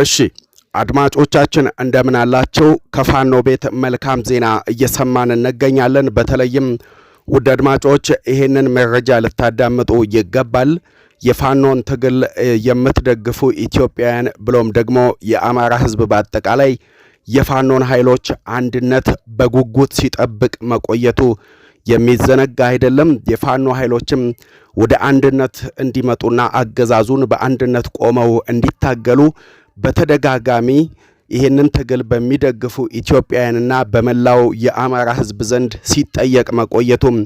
እሺ አድማጮቻችን እንደምን አላቸው? ከፋኖ ቤት መልካም ዜና እየሰማን እንገኛለን። በተለይም ውድ አድማጮች ይህንን መረጃ ልታዳምጡ ይገባል። የፋኖን ትግል የምትደግፉ ኢትዮጵያውያን ብሎም ደግሞ የአማራ ሕዝብ በአጠቃላይ የፋኖን ኃይሎች አንድነት በጉጉት ሲጠብቅ መቆየቱ የሚዘነጋ አይደለም። የፋኖ ኃይሎችም ወደ አንድነት እንዲመጡና አገዛዙን በአንድነት ቆመው እንዲታገሉ በተደጋጋሚ ይህንን ትግል በሚደግፉ ኢትዮጵያውያንና በመላው የአማራ ሕዝብ ዘንድ ሲጠየቅ መቆየቱም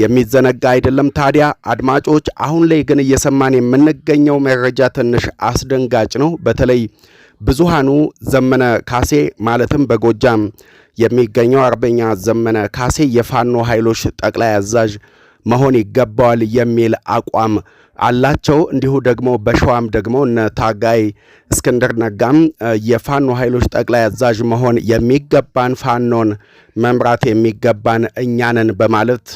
የሚዘነጋ አይደለም። ታዲያ አድማጮች፣ አሁን ላይ ግን እየሰማን የምንገኘው መረጃ ትንሽ አስደንጋጭ ነው። በተለይ ብዙሃኑ ዘመነ ካሴ ማለትም በጎጃም የሚገኘው አርበኛ ዘመነ ካሴ የፋኖ ኃይሎች ጠቅላይ አዛዥ መሆን ይገባዋል የሚል አቋም አላቸው። እንዲሁ ደግሞ በሸዋም ደግሞ እነ ታጋይ እስክንድር ነጋም የፋኖ ኃይሎች ጠቅላይ አዛዥ መሆን የሚገባን ፋኖን መምራት የሚገባን እኛንን በማለት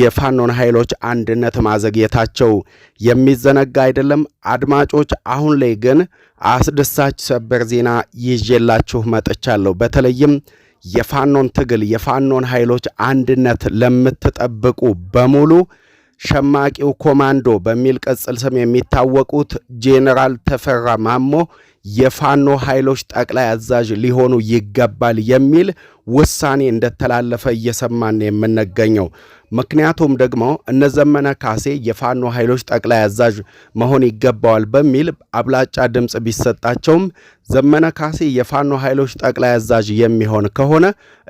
የፋኖን ኃይሎች አንድነት ማዘግየታቸው የሚዘነጋ አይደለም። አድማጮች፣ አሁን ላይ ግን አስደሳች ሰበር ዜና ይዤላችሁ መጥቻለሁ። በተለይም የፋኖን ትግል የፋኖን ኃይሎች አንድነት ለምትጠብቁ በሙሉ ሸማቂው ኮማንዶ በሚል ቅጽል ስም የሚታወቁት ጄኔራል ተፈራ ማሞ የፋኖ ኃይሎች ጠቅላይ አዛዥ ሊሆኑ ይገባል የሚል ውሳኔ እንደተላለፈ እየሰማን የምንገኘው። ምክንያቱም ደግሞ እነዘመነ ካሴ የፋኖ ኃይሎች ጠቅላይ አዛዥ መሆን ይገባዋል በሚል አብላጫ ድምፅ ቢሰጣቸውም ዘመነ ካሴ የፋኖ ኃይሎች ጠቅላይ አዛዥ የሚሆን ከሆነ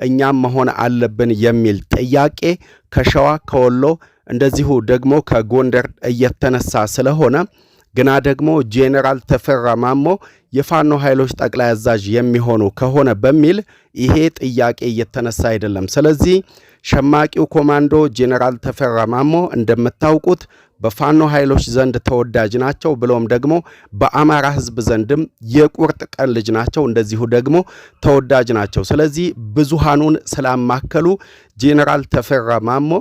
እኛም መሆን አለብን የሚል ጥያቄ ከሸዋ ከወሎ እንደዚሁ ደግሞ ከጎንደር እየተነሳ ስለሆነ ግና ደግሞ ጄኔራል ተፈራ ማሞ የፋኖ ኃይሎች ጠቅላይ አዛዥ የሚሆኑ ከሆነ በሚል ይሄ ጥያቄ እየተነሳ አይደለም። ስለዚህ ሸማቂው ኮማንዶ ጄኔራል ተፈራ ማሞ እንደምታውቁት በፋኖ ኃይሎች ዘንድ ተወዳጅ ናቸው፣ ብሎም ደግሞ በአማራ ሕዝብ ዘንድም የቁርጥ ቀን ልጅ ናቸው፣ እንደዚሁ ደግሞ ተወዳጅ ናቸው። ስለዚህ ብዙሃኑን ስላማከሉ ጄኔራል ተፈራ ማሞ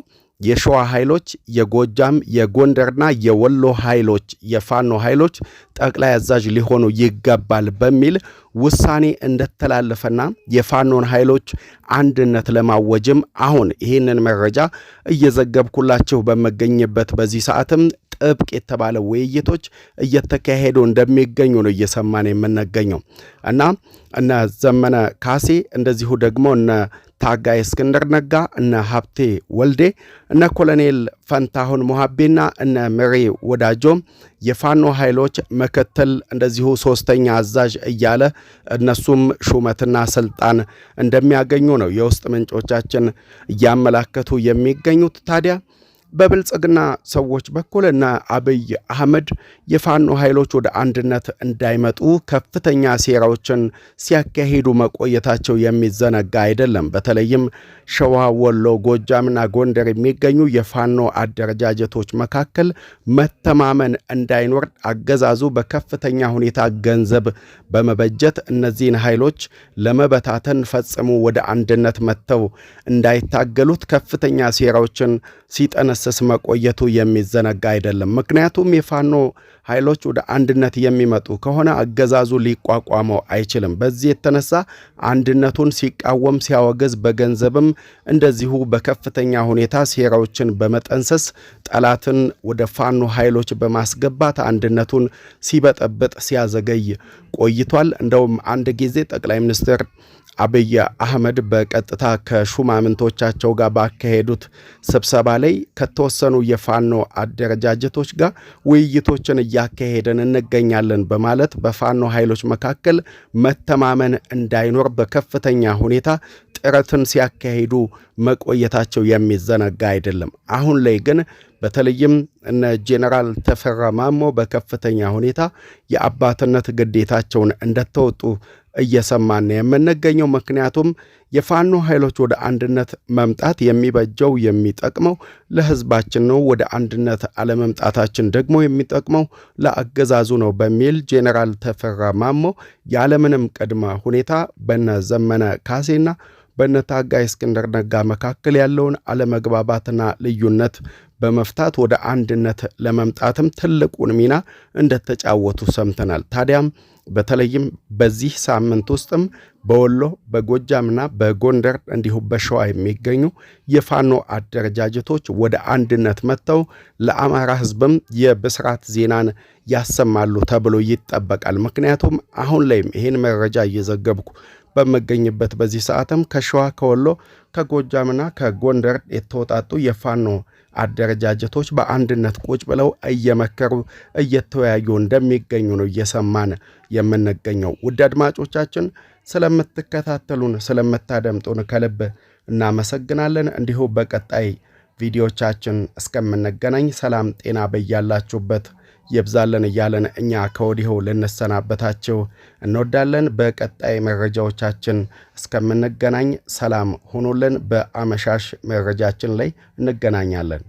የሸዋ ኃይሎች፣ የጎጃም፣ የጎንደርና የወሎ ኃይሎች የፋኖ ኃይሎች ጠቅላይ አዛዥ ሊሆኑ ይገባል በሚል ውሳኔ እንደተላለፈና የፋኖን ኃይሎች አንድነት ለማወጅም አሁን ይህንን መረጃ እየዘገብኩላችሁ በመገኝበት በዚህ ሰዓትም ጥብቅ የተባለ ውይይቶች እየተካሄዱ እንደሚገኙ ነው እየሰማን የምንገኘው እና እነ ዘመነ ካሴ እንደዚሁ ደግሞ እነ ታጋይ እስክንድር ነጋ፣ እነ ሀብቴ ወልዴ፣ እነ ኮሎኔል ፈንታሁን ሞሀቤና እነ መሪ ወዳጆም የፋኖ ኃይሎች ምክትል እንደዚሁ ሶስተኛ አዛዥ እያለ እነሱም ሹመትና ስልጣን እንደሚያገኙ ነው የውስጥ ምንጮቻችን እያመላከቱ የሚገኙት ታዲያ በብልጽግና ሰዎች በኩልና አብይ አህመድ የፋኖ ኃይሎች ወደ አንድነት እንዳይመጡ ከፍተኛ ሴራዎችን ሲያካሂዱ መቆየታቸው የሚዘነጋ አይደለም። በተለይም ሸዋ፣ ወሎ፣ ጎጃምና ጎንደር የሚገኙ የፋኖ አደረጃጀቶች መካከል መተማመን እንዳይኖር አገዛዙ በከፍተኛ ሁኔታ ገንዘብ በመበጀት እነዚህን ኃይሎች ለመበታተን ፈጽሞ ወደ አንድነት መጥተው እንዳይታገሉት ከፍተኛ ሴራዎችን ሲጠነ ሲገሰስ መቆየቱ የሚዘነጋ አይደለም። ምክንያቱም የፋኖ ኃይሎች ወደ አንድነት የሚመጡ ከሆነ አገዛዙ ሊቋቋመው አይችልም። በዚህ የተነሳ አንድነቱን ሲቃወም፣ ሲያወግዝ በገንዘብም እንደዚሁ በከፍተኛ ሁኔታ ሴራዎችን በመጠንሰስ ጠላትን ወደ ፋኖ ኃይሎች በማስገባት አንድነቱን ሲበጠብጥ ሲያዘገይ ቆይቷል። እንደውም አንድ ጊዜ ጠቅላይ ሚኒስትር አብይ አህመድ በቀጥታ ከሹማምንቶቻቸው ጋር ባካሄዱት ስብሰባ ላይ ከተወሰኑ የፋኖ አደረጃጀቶች ጋር ውይይቶችን እያካሄደን እንገኛለን በማለት በፋኖ ኃይሎች መካከል መተማመን እንዳይኖር በከፍተኛ ሁኔታ ጥረትን ሲያካሂዱ መቆየታቸው የሚዘነጋ አይደለም። አሁን ላይ ግን በተለይም እነ ጄኔራል ተፈራ ማሞ በከፍተኛ ሁኔታ የአባትነት ግዴታቸውን እንደተወጡ እየሰማን የምንገኘው። ምክንያቱም የፋኖ ኃይሎች ወደ አንድነት መምጣት የሚበጀው የሚጠቅመው ለህዝባችን ነው፣ ወደ አንድነት አለመምጣታችን ደግሞ የሚጠቅመው ለአገዛዙ ነው በሚል ጄኔራል ተፈራ ማሞ ያለምንም ቅድመ ሁኔታ በነ ዘመነ ካሴና በነታጋይ እስክንድር ነጋ መካከል ያለውን አለመግባባትና ልዩነት በመፍታት ወደ አንድነት ለመምጣትም ትልቁን ሚና እንደተጫወቱ ሰምተናል። ታዲያም በተለይም በዚህ ሳምንት ውስጥም በወሎ በጎጃምና በጎንደር እንዲሁም በሸዋ የሚገኙ የፋኖ አደረጃጀቶች ወደ አንድነት መጥተው ለአማራ ሕዝብም የብስራት ዜናን ያሰማሉ ተብሎ ይጠበቃል። ምክንያቱም አሁን ላይም ይህን መረጃ እየዘገብኩ በምገኝበት በዚህ ሰዓትም ከሸዋ ከወሎ ከጎጃምና ከጎንደር የተውጣጡ የፋኖ አደረጃጀቶች በአንድነት ቁጭ ብለው እየመከሩ እየተወያዩ እንደሚገኙ ነው እየሰማን የምንገኘው። ውድ አድማጮቻችን ስለምትከታተሉን፣ ስለምታደምጡን ከልብ እናመሰግናለን። እንዲሁም በቀጣይ ቪዲዮቻችን እስከምንገናኝ ሰላም ጤና በያላችሁበት ይብዛልን እያለን እኛ ከወዲሁ ልንሰናበታችሁ እንወዳለን። በቀጣይ መረጃዎቻችን እስከምንገናኝ ሰላም ሁኑልን። በአመሻሽ መረጃችን ላይ እንገናኛለን።